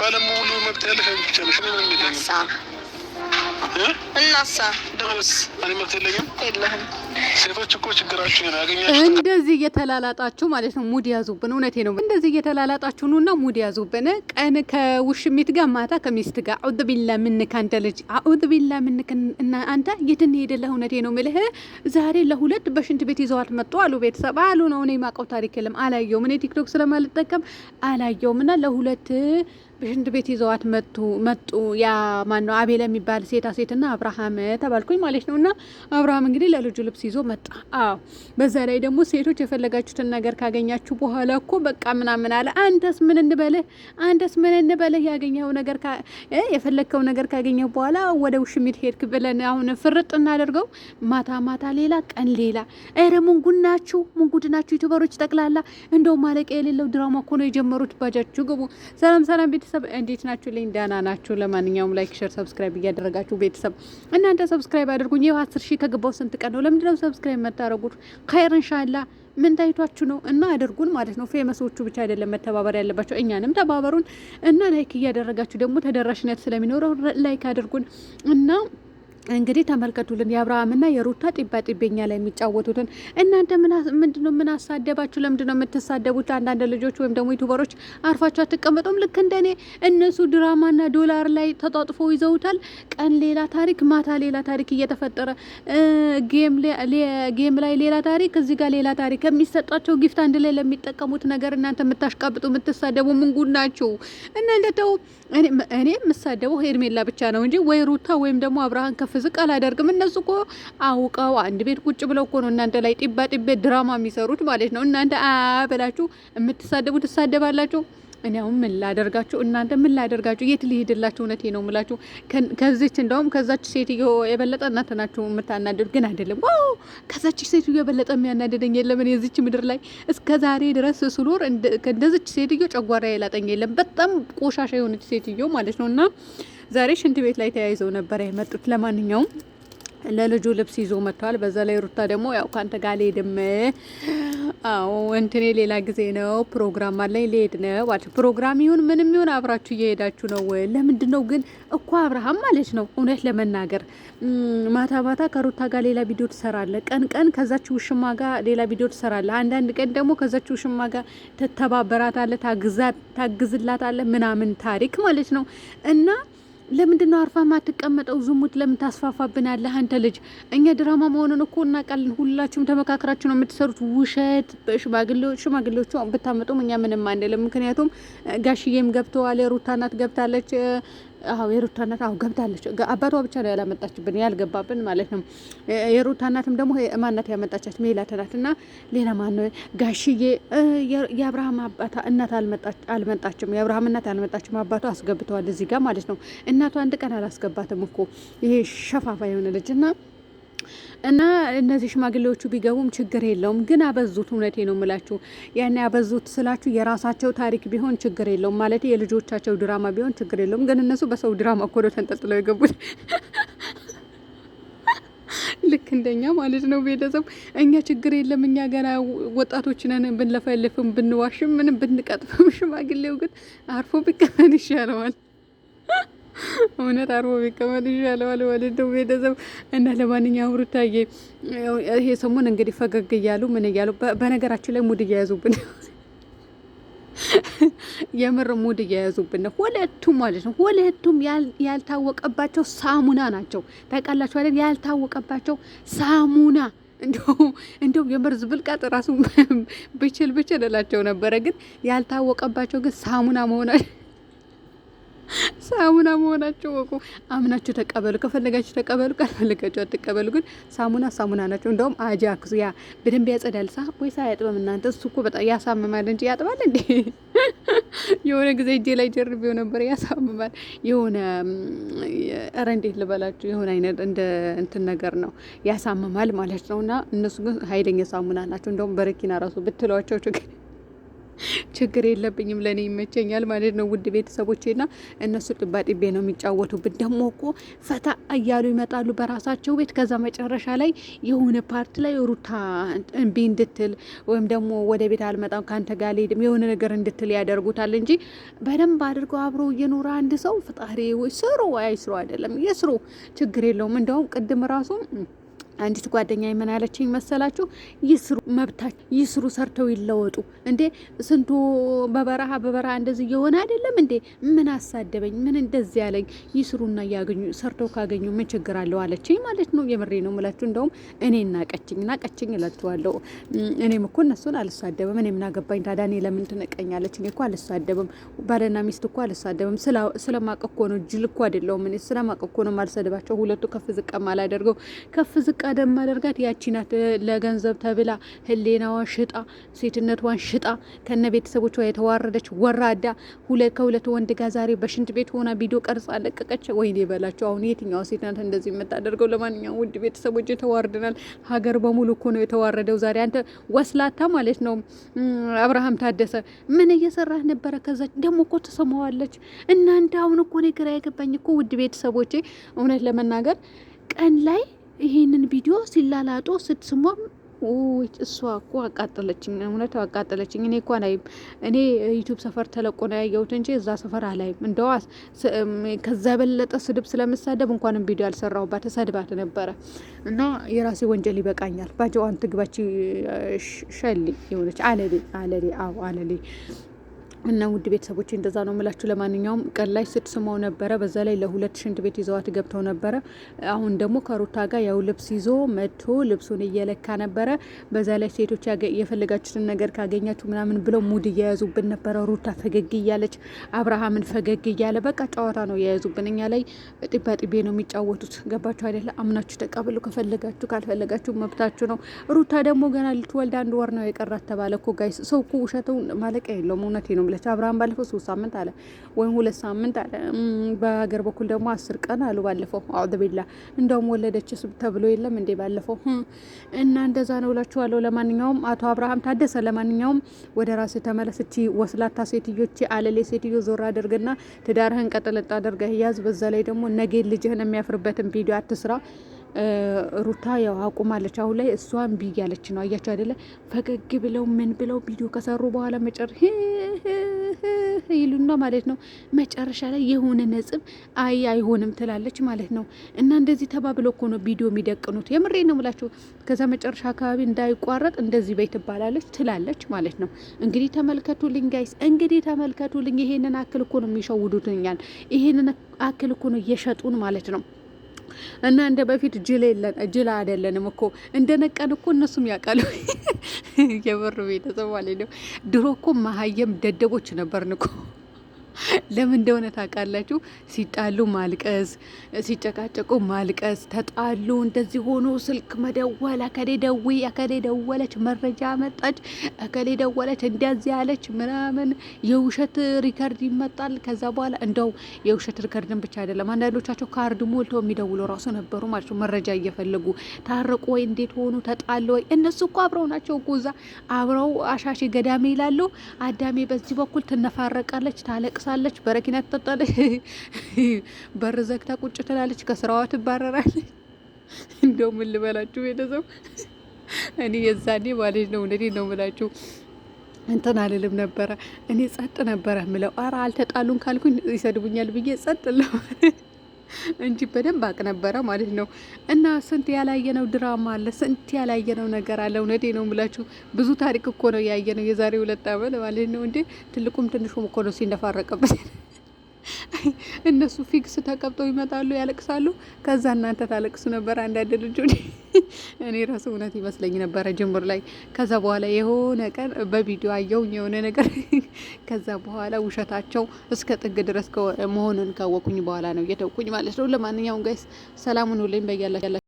ባለሙሉ መብት ያለሽ ብቻ ነሽ። እንደዚህ እየተላላጣችሁ ማለት ነው። ሙድ ያዙብን። እውነቴ ነው። እንደዚህ እየተላላጣችሁ ኑና ሙድ ያዙብን። ቀን ከውሽሚት ጋር፣ ማታ ከሚስት ጋር። አዑዝ ቢላ ምንክ አንተ ልጅ፣ አዑዝ ቢላ ምንክ እና አንተ የትን ሄደለህ? እውነቴ ነው ምልህ። ዛሬ ለሁለት በሽንት ቤት ይዘዋት መጡ አሉ። ቤተሰብ አሉ ነው። እኔ ማቀው ታሪክ የለም አላየውም። እኔ ቲክቶክ ስለማልጠቀም አላየውም እና ለሁለት ሽንት ቤት ይዘዋት መጡ መጡ። ያ ማን ነው አቤል የሚባል ሴታ ሴትና አብርሃም ተባልኩኝ ማለት ነው። እና አብርሃም እንግዲህ ለልጁ ልብስ ይዞ መጣ። አዎ በዛ ላይ ደግሞ ሴቶች የፈለጋችሁትን ነገር ካገኛችሁ በኋላ እኮ በቃ ምናምን አለ። አንተስ ምን እንበልህ? አንተስ ምን እንበልህ? ያገኘኸው ነገር የፈለግከው ነገር ካገኘህ በኋላ ወደ ውሽሚት ሄድክ ብለን አሁን ፍርጥ እናደርገው። ማታ ማታ ሌላ ቀን ሌላ። ኧረ ሙንጉናችሁ ሙንጉድናችሁ ዩቱበሮች ጠቅላላ እንደው ማለቂያ የሌለው ድራማ እኮ ነው የጀመሩት። ባጃችሁ ግቡ። ሰላም ሰላም ቤት ቤተሰብ እንዴት ናችሁ? ልኝ ደህና ናችሁ? ለማንኛውም ላይክ፣ ሼር፣ ሰብስክራይብ እያደረጋችሁ ቤተሰብ እናንተ ሰብስክራይብ አድርጉኝ። ይህ አስር ሺህ ከገባው ስንት ቀን ነው? ለምንድነው ሰብስክራይብ የምታደርጉት? ኸይር እንሻላ ምን ታይቷችሁ ነው? እና አድርጉን ማለት ነው። ፌመሶቹ ብቻ አይደለም መተባበር ያለባቸው፣ እኛንም ተባበሩን እና ላይክ እያደረጋችሁ ደግሞ ተደራሽነት ስለሚኖረው ላይክ አድርጉን እና እንግዲህ ተመልከቱልን የአብርሃምና የሩታ ጢባ ጢቤኛ ላይ የሚጫወቱትን። እናንተ ምንድነው የምናሳደባችሁ? ለምንድነው የምትሳደቡት? አንዳንድ ልጆች ወይም ደግሞ ዩቱበሮች አርፋችሁ አትቀመጡም? ልክ እንደኔ እነሱ ድራማና ዶላር ላይ ተጣጥፎ ይዘውታል። ቀን ሌላ ታሪክ፣ ማታ ሌላ ታሪክ እየተፈጠረ ጌም ላይ ሌላ ታሪክ፣ እዚህ ጋር ሌላ ታሪክ። የሚሰጣቸው ጊፍት አንድ ላይ ለሚጠቀሙት ነገር እናንተ የምታሽቃብጡ የምትሳደቡ ምንጉድ ናችሁ እናንተ። ተው እኔ የምሳደበው ሄርሜላ ብቻ ነው እንጂ ወይ ሩታ ወይም ደግሞ አብርሃም ከፍ ዝቅ አላደርግም። እነሱ እኮ አውቀው አንድ ቤት ቁጭ ብለው እኮ ነው እናንተ ላይ ጢባ ጢቤ ድራማ የሚሰሩት ማለት ነው። እናንተ አበላችሁ የምትሳደቡ ትሳደባላችሁ። እኔ አሁን ምን ላደርጋችሁ? እናንተ ምን ላደርጋችሁ? የት ሊሄድላችሁ? እውነቴ ነው ምላችሁ። ከዚች እንደውም ከዛች ሴትዮ የበለጠ እናንተ ናችሁ የምታናደዱ፣ ግን አይደለም። ዋው ከዛች ሴትዮ የበለጠ የሚያናደደኝ የለም። እኔ እዚች ምድር ላይ እስከ ዛሬ ድረስ ስኖር እንደዚች ሴትዮ ጨጓራ የላጠኝ የለም። በጣም ቆሻሻ የሆነች ሴትዮ ማለት ነው እና ዛሬ ሽንት ቤት ላይ ተያይዘው ነበር የመጡት። ለማንኛውም ለልጁ ልብስ ይዞ መጥተዋል። በዛ ላይ ሩታ ደግሞ ያው ካንተ ጋር አልሄድም፣ አዎ እንትኔ ሌላ ጊዜ ነው ፕሮግራም አለኝ ልሄድ ነው ፕሮግራም ይሁን ምንም ይሁን አብራችሁ እየሄዳችሁ ነው። ለምንድን ነው ግን እኮ አብርሃም ማለት ነው እውነት ለመናገር ማታ ማታ ከሩታ ጋር ሌላ ቪዲዮ ትሰራለህ፣ ቀን ቀን ከዛች ውሽማ ጋር ሌላ ቪዲዮ ትሰራለህ፣ አንዳንድ ቀን ደግሞ ከዛች ውሽማ ጋር ትተባበራታለህ፣ ታግዝላታለህ ምናምን ታሪክ ማለት ነው እና ለምንድነው አርፋ ማትቀመጠው? ዝሙት ለምን ያለህ አንተ ልጅ እኛ ድራማ መሆኑን እኮ እናውቃለን። ሁላችሁም ተመካከራችሁ ነው የምትሰሩት ውሸት። ሽማግሌዎቹ ብታመጡም እኛ ምንም አንልም። ምክንያቱም ጋሽዬም ገብተዋል፣ ሩታናት ገብታለች። አዎ የሩታ እናት አዎ ገብታለች። አባቷ ብቻ ነው ያላመጣችብን ያልገባብን ማለት ነው። የሩታ እናትም ደግሞ ማናት ያመጣቻት ሜላት ናት። እና ሌላ ማን ነው ጋሽዬ? የአብርሃም አባታ እናት አልመጣችም። የአብርሃም እናት አልመጣችም። አባቷ አስገብተዋል እዚህ ጋር ማለት ነው። እናቷ አንድ ቀን አላስገባትም እኮ ይሄ ሸፋፋ የሆነ ልጅ እና እና እነዚህ ሽማግሌዎቹ ቢገቡም ችግር የለውም፣ ግን አበዙት። እውነቴ ነው ምላችሁ ያን አበዙት ስላችሁ የራሳቸው ታሪክ ቢሆን ችግር የለውም ማለት የልጆቻቸው ድራማ ቢሆን ችግር የለውም። ግን እነሱ በሰው ድራማ እኮ ነው ተንጠልጥለው የገቡት። ልክ እንደኛ ማለት ነው። ቤተሰብ እኛ ችግር የለም እኛ ገና ወጣቶች ነን፣ ብንለፈልፍም፣ ብንዋሽም፣ ምንም ብንቀጥፍም፣ ሽማግሌው ግን አርፎ ቢቀመን ይሻለዋል። እውነት አርቦ ቢቀመጥ ይሻለዋል ማለት ነው ቤተሰብ እና ለማንኛውም ሩታዬ ይሄ ሰሞን እንግዲህ ፈገግ እያሉ ምን እያሉ በነገራችን ላይ ሙድ እያያዙብን የምር ሙድ እየያዙብን ነው። ሁለቱም ማለት ነው ሁለቱም ያልታወቀባቸው ሳሙና ናቸው። ታውቃላችሁ አይደል? ያልታወቀባቸው ሳሙና እንደው የምር ዝብልቃጥ ራሱ ብችል ብችል እላቸው ነበረ፣ ግን ያልታወቀባቸው ግን ሳሙና መሆናቸው ሳሙና መሆናቸው ወቁ አምናቸው ተቀበሉ። ከፈለጋቸው ተቀበሉ፣ ካልፈለጋችሁ አትቀበሉ። ግን ሳሙና ሳሙና ናቸው። እንደውም አጃክስ ያ በደንብ ያጸዳል። ሳ ወይ ሳ ያጥበም እናንተ እሱ እኮ በጣም ያሳምማል እንጂ ያጥባል እንዴ? የሆነ ጊዜ እጄ ላይ ጀርቤው ነበር፣ ያሳምማል። የሆነ ኧረ እንዴት ልበላችሁ፣ የሆነ አይነት እንደ እንትን ነገር ነው፣ ያሳምማል ማለት ነው። እና እነሱ ግን ኃይለኛ ሳሙና ናቸው። እንደውም በረኪና ራሱ ብትሏቸው ችግር ችግር የለብኝም ለእኔ ይመቸኛል ማለት ነው። ውድ ና እነሱ ጥባጥቤ ነው የሚጫወቱብን። ደግሞ እኮ ፈታ እያሉ ይመጣሉ በራሳቸው ቤት። ከዛ መጨረሻ ላይ የሆነ ፓርቲ ላይ ሩታ እምቢ እንድትል ወይም ደግሞ ወደ ቤት አልመጣም ከአንተ ጋር አልሄድም የሆነ ነገር እንድትል ያደርጉታል እንጂ በደንብ አድርገው አብሮ እየኖረ አንድ ሰው ፍጣሪ ስሩ አይስሩ አይደለም የስሩ ችግር የለውም። እንደውም ቅድም ራሱ አንዲት ጓደኛ ምን አለችኝ መሰላችሁ? ይስሩ መብታች ይስሩ ሰርተው ይለወጡ። እንዴ ስንቱ በበረሃ በበረሃ እንደዚህ እየሆነ አይደለም እንዴ? ምን አሳደበኝ? ምን እንደዚህ ያለኝ? ይስሩና እያገኙ ሰርተው ካገኙ ምን ችግር አለው አለችኝ ማለት ነው። የምሬ ነው ምላችሁ። እንደውም እኔ ናቀችኝ፣ እናቀችኝ እናቀችኝ እላችኋለሁ እኔም እኮ እነሱን አልሳደብም። እኔ ምን አገባኝ ታዲያ? እኔ ለምን ትንቀኛለች? እኮ አልሳደብም። ባለና ሚስት እኮ አልሳደብም። ስለማቀኮ ነው፣ ጅል እኮ አይደለሁም። እኔ ስለማቀኮ ነው የማልሰድባቸው። ሁለቱ ከፍ ዝቅ ማላደርገው ከፍ ዝቅ ቀደም ማደርጋት ያቺ ናት። ለገንዘብ ተብላ ህሌናዋን ሽጣ ሴትነቷን ሽጣ ከነ ቤተሰቦቿ የተዋረደች ወራዳ ሁለት ከሁለት ወንድ ጋር ዛሬ በሽንት ቤት ሆና ቪዲዮ ቀርጻ ለቀቀች። ወይኔ በላቸው። አሁን የትኛዋ ሴት ናት እንደዚህ የምታደርገው? ለማንኛውም ውድ ቤተሰቦች የተዋርድናል። ሀገር በሙሉ እኮ ነው የተዋረደው ዛሬ። አንተ ወስላታ ማለት ነው አብርሃም ታደሰ ምን እየሰራህ ነበረ? ከዛች ደግሞ እኮ ተሰማዋለች። እናንተ አሁን እኮ እኔ ግራ የገባኝ እኮ ውድ ቤተሰቦቼ እውነት ለመናገር ቀን ላይ ይሄንን ቪዲዮ ሲላላጦ ስትስሟም እሷ እኮ አቃጠለችኝ፣ እውነት አቃጠለችኝ። እኔ እኳን አይም እኔ ዩቱብ ሰፈር ተለቆ ነው ያየሁት እንጂ እዛ ሰፈር አላይም። እንደዋ ከዛ የበለጠ ስድብ ስለምሳደብ እንኳንም ቪዲዮ ያልሰራሁባት እሰድባት ነበረ እና የራሴ ወንጀል ይበቃኛል። ባጀዋን ትግባች ሸሌ የሆነች አለሌ አለሌ አዎ አለሌ እና ውድ ቤተሰቦች እንደዛ ነው ምላችሁ። ለማንኛውም ቀን ላይ ስትስመው ነበረ። በዛ ላይ ለሁለት ሽንት ቤት ይዘዋት ገብተው ነበረ። አሁን ደግሞ ከሩታ ጋር ያው ልብስ ይዞ መጥቶ ልብሱን እየለካ ነበረ። በዛ ላይ ሴቶች የፈለጋችሁትን ነገር ካገኛችሁ ምናምን ብለው ሙድ እየያዙብን ነበረ። ሩታ ፈገግ እያለች አብርሃምን ፈገግ እያለ በቃ ጨዋታ ነው የያዙብን። እኛ ላይ ጢባ ጢቤ ነው የሚጫወቱት። ገባችሁ አይደለ? አምናችሁ ተቀብሉ። ከፈለጋችሁ ካልፈለጋችሁ መብታችሁ ነው። ሩታ ደግሞ ገና ልትወልድ አንድ ወር ነው የቀራት ተባለ እኮ ጋይስ። ሰው እኮ ውሸቱን ማለቂያ የለውም። እውነቴ ነው ብለች አብርሃም ባለፈው ሶስት ሳምንት አለ ወይም ሁለት ሳምንት አለ። በሀገር በኩል ደግሞ አስር ቀን አሉ ባለፈው። አዑዝ ቢላ እንደውም ወለደች ተብሎ የለም እንዴ ባለፈው እና እንደዛ ነው እላችኋለሁ። ለማንኛውም አቶ አብርሃም ታደሰ፣ ለማንኛውም ወደ ራስ ተመለስቺ ወስላታ ሴትዮች አለሌ ሴትዮ ዞር አድርግና ትዳርህን ቀጥልጥ አድርገህ ያዝ። በዛ ላይ ደግሞ ነገ ልጅህን የሚያፍርበትን ቪዲዮ አትስራ። ሩታ ያው አቁማለች። አሁን ላይ እሷን እምቢ ያለች ነው። አያቸው አይደለ? ፈገግ ብለው ምን ብለው ቪዲዮ ከሰሩ በኋላ መጨር ይሉና ማለት ነው። መጨረሻ ላይ የሆነ ነጽብ አይ አይሆንም ትላለች ማለት ነው። እና እንደዚህ ተባብለው እኮ ነው ቪዲዮ የሚደቅኑት። የምሬ ነው የምላችሁ። ከዛ መጨረሻ አካባቢ እንዳይቋረጥ እንደዚህ በይ ትባላለች ትላለች ማለት ነው። እንግዲህ ተመልከቱልኝ ጋይስ፣ እንግዲህ ተመልከቱልኝ። ይሄንን አክል እኮ ነው የሚሸውዱትኛል። ይሄንን አክል እኮ ነው እየሸጡን ማለት ነው። እና እንደ በፊት ጅል የለን ጅል አይደለንም እኮ እንደ ነቀን እኮ እነሱም ያውቃሉ። የበሩ ቤተሰብ ማለት ነው። ድሮ እኮ መሀየም ደደቦች ነበርን እኮ ለምን እንደሆነ ታውቃላችሁ? ሲጣሉ ማልቀስ፣ ሲጨቃጨቁ ማልቀስ፣ ተጣሉ እንደዚህ ሆኖ ስልክ መደወል፣ አከሌ ደዊ፣ አከሌ ደወለች፣ መረጃ መጣች፣ አከሌ ደወለች፣ እንደዚህ ያለች ምናምን የውሸት ሪከርድ ይመጣል። ከዛ በኋላ እንደው የውሸት ሪከርድን ብቻ አይደለም አንዳንዶቻቸው ካርድ ሞልቶ የሚደውሉ ራሱ ነበሩ ማለት ነው። መረጃ እየፈለጉ ታረቁ ወይ እንዴት ሆኑ ተጣሉ ወይ። እነሱ እኮ አብረው ናቸው እኮ እዛ አብረው አሻሼ ገዳሜ ይላሉ። አዳሜ በዚህ በኩል ትነፋረቃለች ታለቅ ታለቅሳለች፣ በረኪና ትጠጣለች፣ በር ዘግታ ቁጭ ትላለች፣ ከስራዋ ትባረራለች። እንደው ምን ልበላችሁ ቤተሰብ እኔ የዛኔ ማለት ነው እውነቴ ነው የምላችሁ እንትን አልልም ነበረ። እኔ ጸጥ ነበረ ምለው። ኧረ አልተጣሉን ካልኩኝ ይሰድቡኛል ብዬ ጸጥ ለው እንጂ በደንብ አቅ ነበረ ማለት ነው። እና ስንት ያላየነው ድራማ አለ፣ ስንት ያላየነው ነገር አለ። እውነቴ ነው ምላችሁ፣ ብዙ ታሪክ እኮ ነው ያየነው የዛሬ ሁለት ዓመት ማለት ነው። እንዴ ትልቁም ትንሹም እኮ ነው ሲነፋረቀበት እነሱ ፊክስ ተቀብጠው ይመጣሉ፣ ያለቅሳሉ። ከዛ እናንተ ታለቅሱ ነበር አንዳንድ ልጆች እኔ ራሱ እውነት ይመስለኝ ነበረ ጅምር ላይ። ከዛ በኋላ የሆነ ቀን በቪዲዮ አየውኝ የሆነ ነገር። ከዛ በኋላ ውሸታቸው እስከ ጥግ ድረስ መሆኑን ካወቁኝ በኋላ ነው እየተውቁኝ ማለት ነው። ለማንኛውም ጋይስ ሰላሙን ሁሌም በያላ